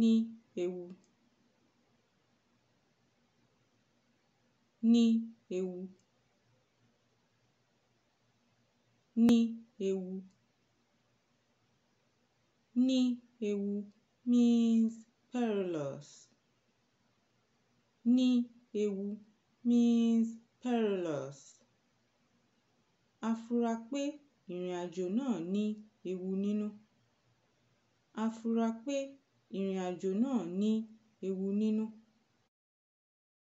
ní ewu ní ewu ní ewu ní ewu means perilous ní ewu means perilous a fura pé ìrìnàjò náà ní ewu nínú a fura pé ìrìnàjò náà ní ewu nínú